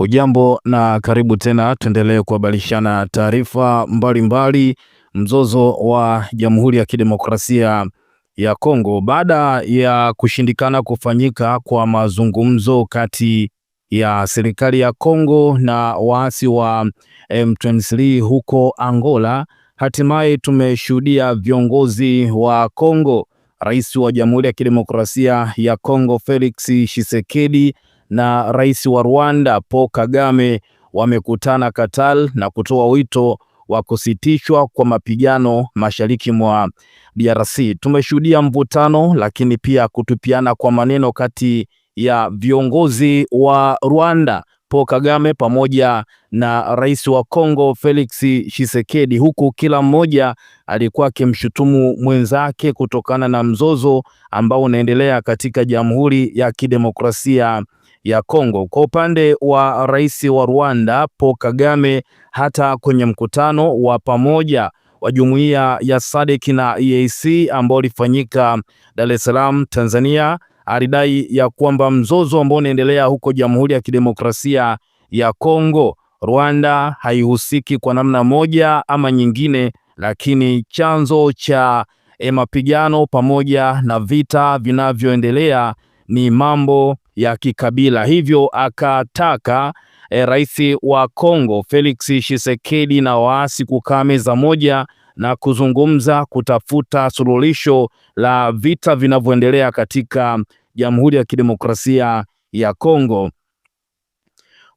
ujambo na karibu tena, tuendelee kuhabarishana taarifa mbalimbali. Mzozo wa Jamhuri ya Kidemokrasia ya Kongo baada ya kushindikana kufanyika kwa mazungumzo kati ya serikali ya Kongo na waasi wa M23 huko Angola, hatimaye tumeshuhudia viongozi wa Kongo, Rais wa Jamhuri ya Kidemokrasia ya Kongo Felix Tshisekedi na rais wa Rwanda Paul Kagame wamekutana Katal na kutoa wito wa kusitishwa kwa mapigano mashariki mwa DRC. Tumeshuhudia mvutano lakini pia kutupiana kwa maneno kati ya viongozi wa Rwanda Paul Kagame pamoja na rais wa Kongo Felix Tshisekedi, huku kila mmoja alikuwa akimshutumu mwenzake kutokana na mzozo ambao unaendelea katika Jamhuri ya Kidemokrasia ya Kongo. Kwa upande wa rais wa Rwanda Paul Kagame, hata kwenye mkutano wa pamoja wa jumuiya ya SADC na EAC ambao ulifanyika Dar es Salaam, Tanzania, alidai ya kwamba mzozo ambao unaendelea huko Jamhuri ya Kidemokrasia ya Kongo, Rwanda haihusiki kwa namna moja ama nyingine, lakini chanzo cha eh, mapigano pamoja na vita vinavyoendelea ni mambo ya kikabila, hivyo akataka e, rais wa Kongo Felix Tshisekedi na waasi kukaa meza moja na kuzungumza kutafuta suluhisho la vita vinavyoendelea katika Jamhuri ya Kidemokrasia ya Kongo.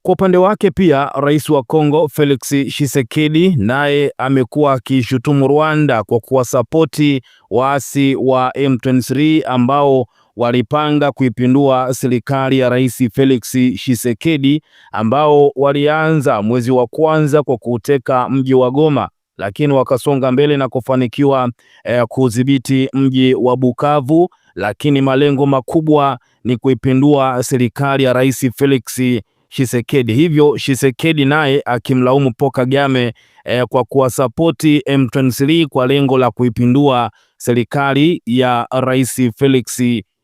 Kwa upande wake pia rais wa Kongo Felix Tshisekedi naye amekuwa akishutumu Rwanda kwa kuwasapoti waasi wa M23 ambao walipanga kuipindua serikali ya Rais Felix Tshisekedi ambao walianza mwezi wa kwanza kwa kuuteka mji wa Goma lakini wakasonga mbele na kufanikiwa eh, kudhibiti mji wa Bukavu, lakini malengo makubwa ni kuipindua serikali ya Rais Felix Tshisekedi. Hivyo Tshisekedi naye akimlaumu Paul Kagame eh, kwa kuwasapoti M23 kwa lengo la kuipindua serikali ya Rais Felix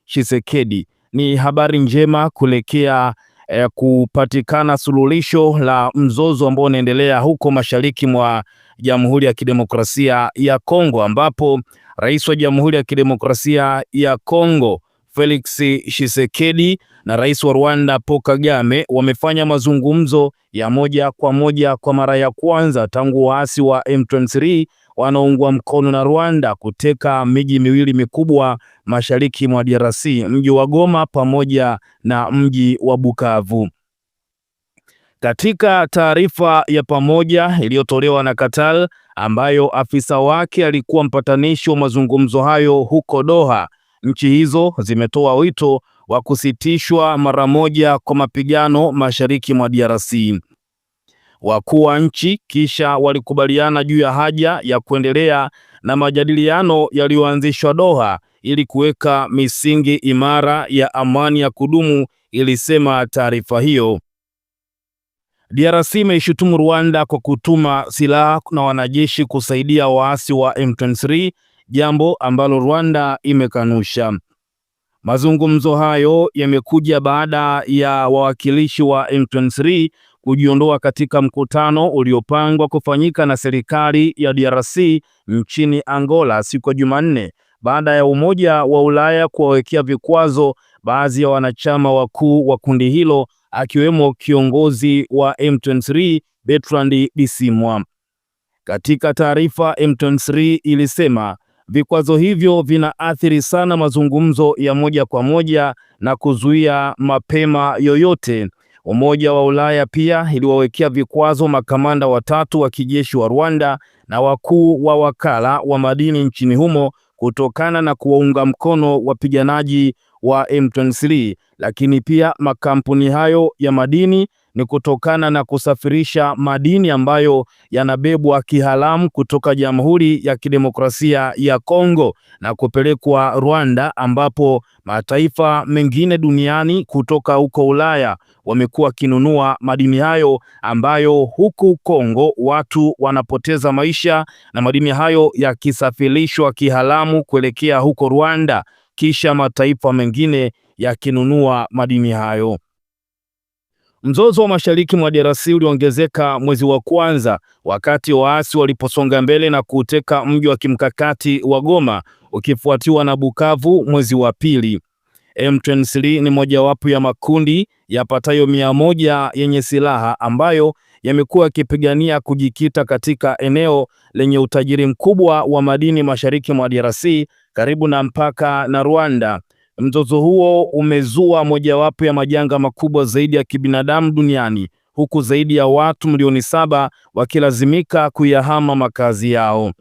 Tshisekedi. Ni habari njema kuelekea eh, kupatikana suluhisho la mzozo ambao unaendelea huko mashariki mwa Jamhuri ya Kidemokrasia ya Kongo ambapo Rais wa Jamhuri ya Kidemokrasia ya Kongo Felix Tshisekedi na Rais wa Rwanda Paul Kagame wamefanya mazungumzo ya moja kwa moja kwa mara ya kwanza tangu waasi wa M23 wanaungwa mkono na Rwanda kuteka miji miwili mikubwa mashariki mwa DRC, mji wa Goma pamoja na mji wa Bukavu. Katika taarifa ya pamoja iliyotolewa na Qatar ambayo afisa wake alikuwa mpatanishi wa mazungumzo hayo huko Doha, nchi hizo zimetoa wito wa kusitishwa mara moja kwa mapigano mashariki mwa DRC wakuu wa nchi, kisha walikubaliana juu ya haja ya kuendelea na majadiliano yaliyoanzishwa Doha ili kuweka misingi imara ya amani ya kudumu, ilisema taarifa hiyo. DRC imeishutumu Rwanda kwa kutuma silaha na wanajeshi kusaidia waasi wa M23, jambo ambalo Rwanda imekanusha. Mazungumzo hayo yamekuja baada ya wawakilishi wa M23 kujiondoa katika mkutano uliopangwa kufanyika na serikali ya DRC nchini Angola siku ya Jumanne baada ya Umoja wa Ulaya kuwawekea vikwazo baadhi ya wanachama wakuu wa kundi hilo akiwemo kiongozi wa M23 Bertrand Bisimwa. Katika taarifa, M23 ilisema vikwazo hivyo vinaathiri sana mazungumzo ya moja kwa moja na kuzuia mapema yoyote Umoja wa Ulaya pia iliwawekea vikwazo makamanda watatu wa kijeshi wa Rwanda na wakuu wa wakala wa madini nchini humo kutokana na kuwaunga mkono wapiganaji wa M23, lakini pia makampuni hayo ya madini ni kutokana na kusafirisha madini ambayo yanabebwa kihalamu kutoka Jamhuri ya Kidemokrasia ya Kongo na kupelekwa Rwanda, ambapo mataifa mengine duniani kutoka huko Ulaya wamekuwa wakinunua madini hayo, ambayo huku Kongo watu wanapoteza maisha na madini hayo yakisafirishwa kihalamu kuelekea huko Rwanda, kisha mataifa mengine yakinunua madini hayo. Mzozo wa mashariki mwa DRC uliongezeka mwezi wa kwanza wakati waasi waliposonga mbele na kuuteka mji wa kimkakati wa Goma ukifuatiwa na Bukavu mwezi wa pili. M23 ni mojawapo ya makundi yapatayo mia moja yenye silaha ambayo yamekuwa yakipigania kujikita katika eneo lenye utajiri mkubwa wa madini mashariki mwa DRC karibu na mpaka na Rwanda. Mzozo huo umezua mojawapo ya majanga makubwa zaidi ya kibinadamu duniani huku zaidi ya watu milioni saba wakilazimika kuyahama makazi yao.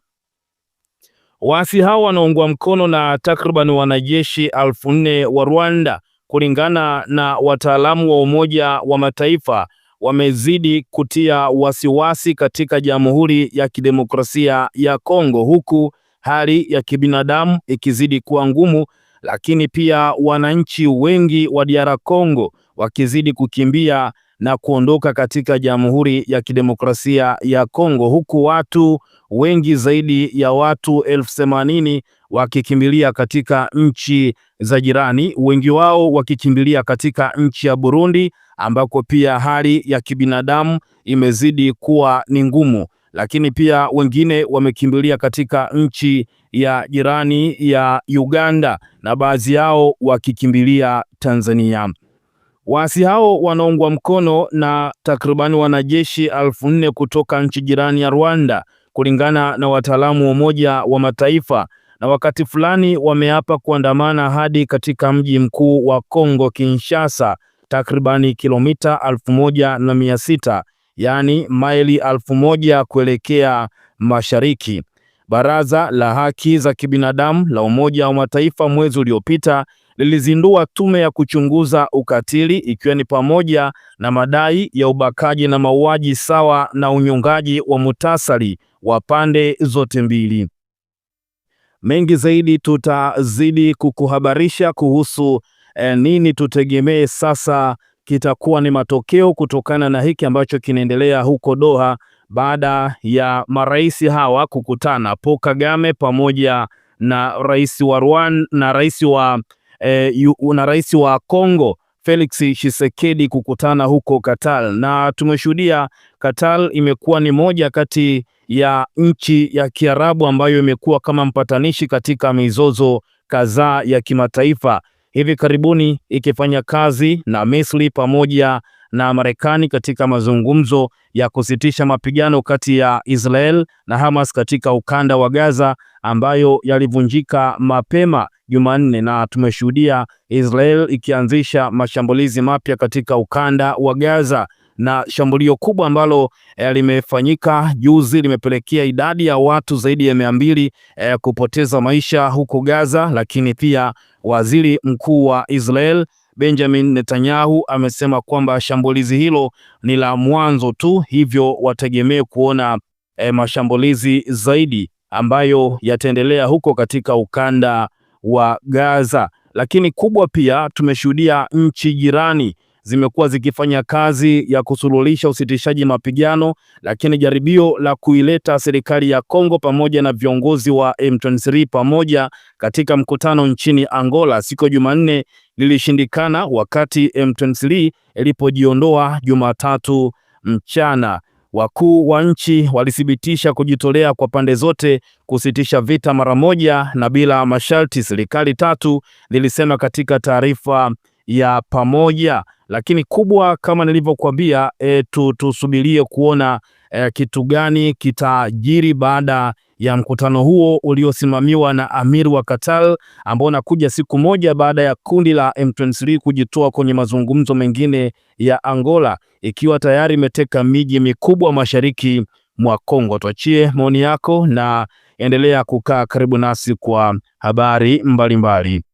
Waasi hao wanaungwa mkono na takriban wanajeshi elfu nne wa Rwanda kulingana na wataalamu wa Umoja wa Mataifa wamezidi kutia wasiwasi wasi katika Jamhuri ya Kidemokrasia ya Kongo huku hali ya kibinadamu ikizidi kuwa ngumu lakini pia wananchi wengi wa DR Congo wakizidi kukimbia na kuondoka katika Jamhuri ya Kidemokrasia ya Kongo, huku watu wengi zaidi ya watu elfu themanini wakikimbilia katika nchi za jirani, wengi wao wakikimbilia katika nchi ya Burundi ambako pia hali ya kibinadamu imezidi kuwa ni ngumu, lakini pia wengine wamekimbilia katika nchi ya jirani ya Uganda na baadhi yao wakikimbilia Tanzania. Waasi hao wanaungwa mkono na takribani wanajeshi elfu nne kutoka nchi jirani ya Rwanda kulingana na wataalamu wa Umoja wa Mataifa, na wakati fulani wameapa kuandamana hadi katika mji mkuu wa Kongo Kinshasa, takribani kilomita elfu moja na mia sita yaani maili elfu moja kuelekea mashariki. Baraza la Haki za Kibinadamu la Umoja wa Mataifa mwezi uliopita lilizindua tume ya kuchunguza ukatili ikiwa ni pamoja na madai ya ubakaji na mauaji sawa na unyongaji wa mutasari wa pande zote mbili. Mengi zaidi tutazidi kukuhabarisha kuhusu eh, nini tutegemee sasa kitakuwa ni matokeo kutokana na hiki ambacho kinaendelea huko Doha baada ya marais hawa kukutana, Paul Kagame pamoja na rais wa Rwanda na rais wa eh, yu, na rais wa Kongo Felix Tshisekedi kukutana huko Qatar, na tumeshuhudia Qatar imekuwa ni moja kati ya nchi ya Kiarabu ambayo imekuwa kama mpatanishi katika mizozo kadhaa ya kimataifa, hivi karibuni ikifanya kazi na Misri pamoja na Marekani katika mazungumzo ya kusitisha mapigano kati ya Israel na Hamas katika ukanda wa Gaza ambayo yalivunjika mapema Jumanne, na tumeshuhudia Israel ikianzisha mashambulizi mapya katika ukanda wa Gaza na shambulio kubwa ambalo eh, limefanyika juzi limepelekea idadi ya watu zaidi ya mia mbili eh, kupoteza maisha huko Gaza, lakini pia waziri mkuu wa Israel Benjamin Netanyahu amesema kwamba shambulizi hilo ni la mwanzo tu, hivyo wategemee kuona e, mashambulizi zaidi ambayo yataendelea huko katika ukanda wa Gaza. Lakini kubwa pia tumeshuhudia nchi jirani zimekuwa zikifanya kazi ya kusuluhisha usitishaji mapigano, lakini jaribio la kuileta serikali ya Kongo pamoja na viongozi wa M23 pamoja katika mkutano nchini Angola siku ya Jumanne lilishindikana wakati M23 ilipojiondoa Jumatatu mchana. Wakuu wa nchi walithibitisha kujitolea kwa pande zote kusitisha vita mara moja na bila masharti, serikali tatu lilisema katika taarifa ya pamoja. Lakini kubwa kama nilivyokuambia, e, tusubirie kuona e, kitu gani kitajiri baada ya mkutano huo uliosimamiwa na Amir wa Qatar ambao unakuja siku moja baada ya kundi la M23 kujitoa kwenye mazungumzo mengine ya Angola ikiwa tayari imeteka miji mikubwa mashariki mwa Kongo. Tuachie maoni yako na endelea kukaa karibu nasi kwa habari mbalimbali mbali.